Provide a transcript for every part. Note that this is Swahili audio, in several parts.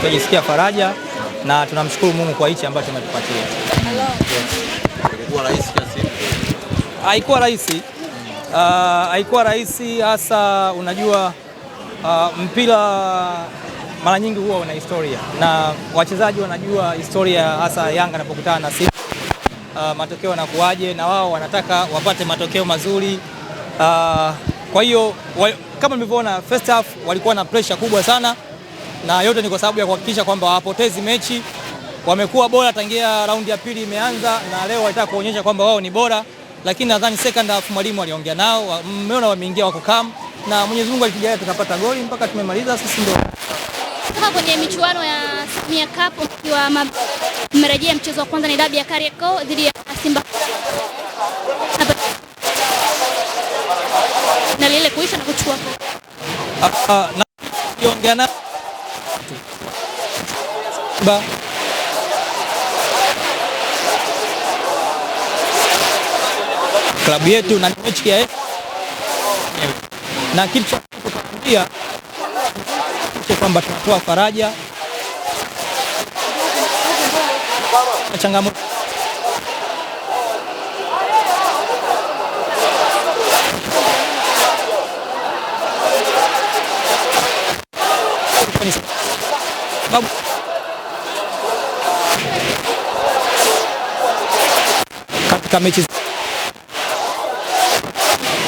tunajisikia faraja na tunamshukuru Mungu kwa hichi ambacho ametupatia. Haikuwa rahisi, ah, haikuwa rahisi hasa. Unajua uh, mpira mara nyingi huwa una historia na wachezaji wanajua historia, hasa Yanga anapokutana na Simba uh, matokeo yanakuwaje, na wao wanataka wapate matokeo mazuri uh, kwa hiyo kama mlivyoona first half walikuwa na pressure kubwa sana na yote ni kwa sababu ya kuhakikisha kwamba hawapotezi mechi. Wamekuwa bora tangia raundi ya pili imeanza, na leo walitaka kuonyesha kwamba wao ni bora, lakini nadhani second half mwalimu aliongea nao, mmeona wameingia wako calm, na Mwenyezi Mungu alitujalia tukapata goli mpaka tumemaliza. Sisi ndio kutoka kwenye michuano ya Samia Cup, mkiwa mmerejea mchezo wa kwanza ni dabi ya Kariakoo dhidi ya Simba na lile kuisha na kuchukua, kwa uh, na kuongea nao Bah. Klabu yetu na mechi ya na kitu cha cha kwamba tunatoa faraja changamoto Babu. Katika mechi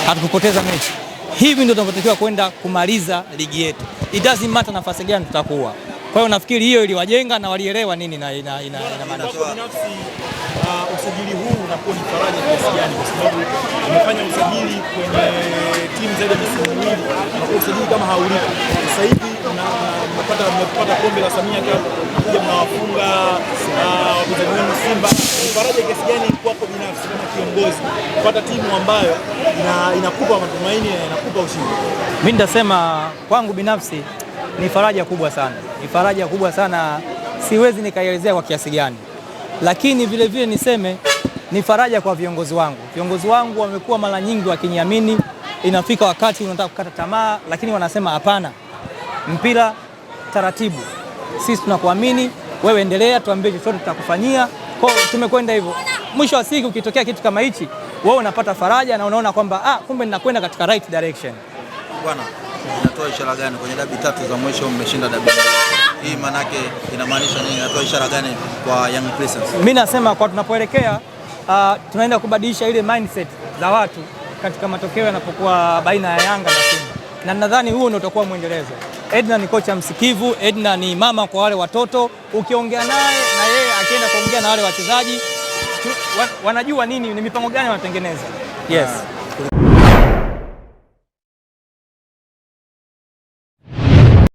hatukupoteza mechi, hivi ndio tunavyotakiwa kwenda kumaliza ligi yetu. It doesn't matter nafasi gani tutakuwa. Kwa hiyo nafikiri hiyo iliwajenga na walielewa nini na ina ina ina maana. Uh, usajili huu unakuwa ni faraja kiasi gani? Kwa sababu umefanya usajili kwenye timu zaidi ya msimu miwili, usajili kama hauliki sasa hivi mmepata kombe la Samia Cup kuja mnawafunga wapinzani wenu Simba, ni faraja kiasi gani kwako binafsi kama kiongozi kupata timu ambayo inakupa matumaini na inakupa ushindi? Mimi nitasema kwangu binafsi ni faraja kubwa sana, ni faraja kubwa sana, siwezi nikaelezea kwa kiasi gani, lakini vile vile niseme ni faraja kwa viongozi wangu. Viongozi wangu wamekuwa mara nyingi wakiniamini, inafika wakati unataka kukata tamaa, lakini wanasema hapana, mpira taratibu. Sisi tunakuamini wewe, endelea, tuambie chochote, tutakufanyia. Kwa hiyo tumekwenda hivyo, mwisho wa siku ukitokea kitu kama hichi, wewe unapata faraja na unaona kwamba ah, kumbe ninakwenda katika right direction. Bwana, inatoa ishara gani kwenye dabi tatu za mwisho mmeshinda dabi hii? Manake inamaanisha nini? Inatoa ishara gani kwa Young Princess? Mimi nasema kwa tunapoelekea, uh, tunaenda kubadilisha ile mindset za watu katika matokeo yanapokuwa baina ya Yanga na Simba, na nadhani huo ndio utakuwa mwendelezo. Edna ni kocha msikivu, Edna ni mama kwa wale watoto, ukiongea naye na yeye akienda kuongea na wale wachezaji wanajua nini, ni mipango gani wanatengeneza. Yes.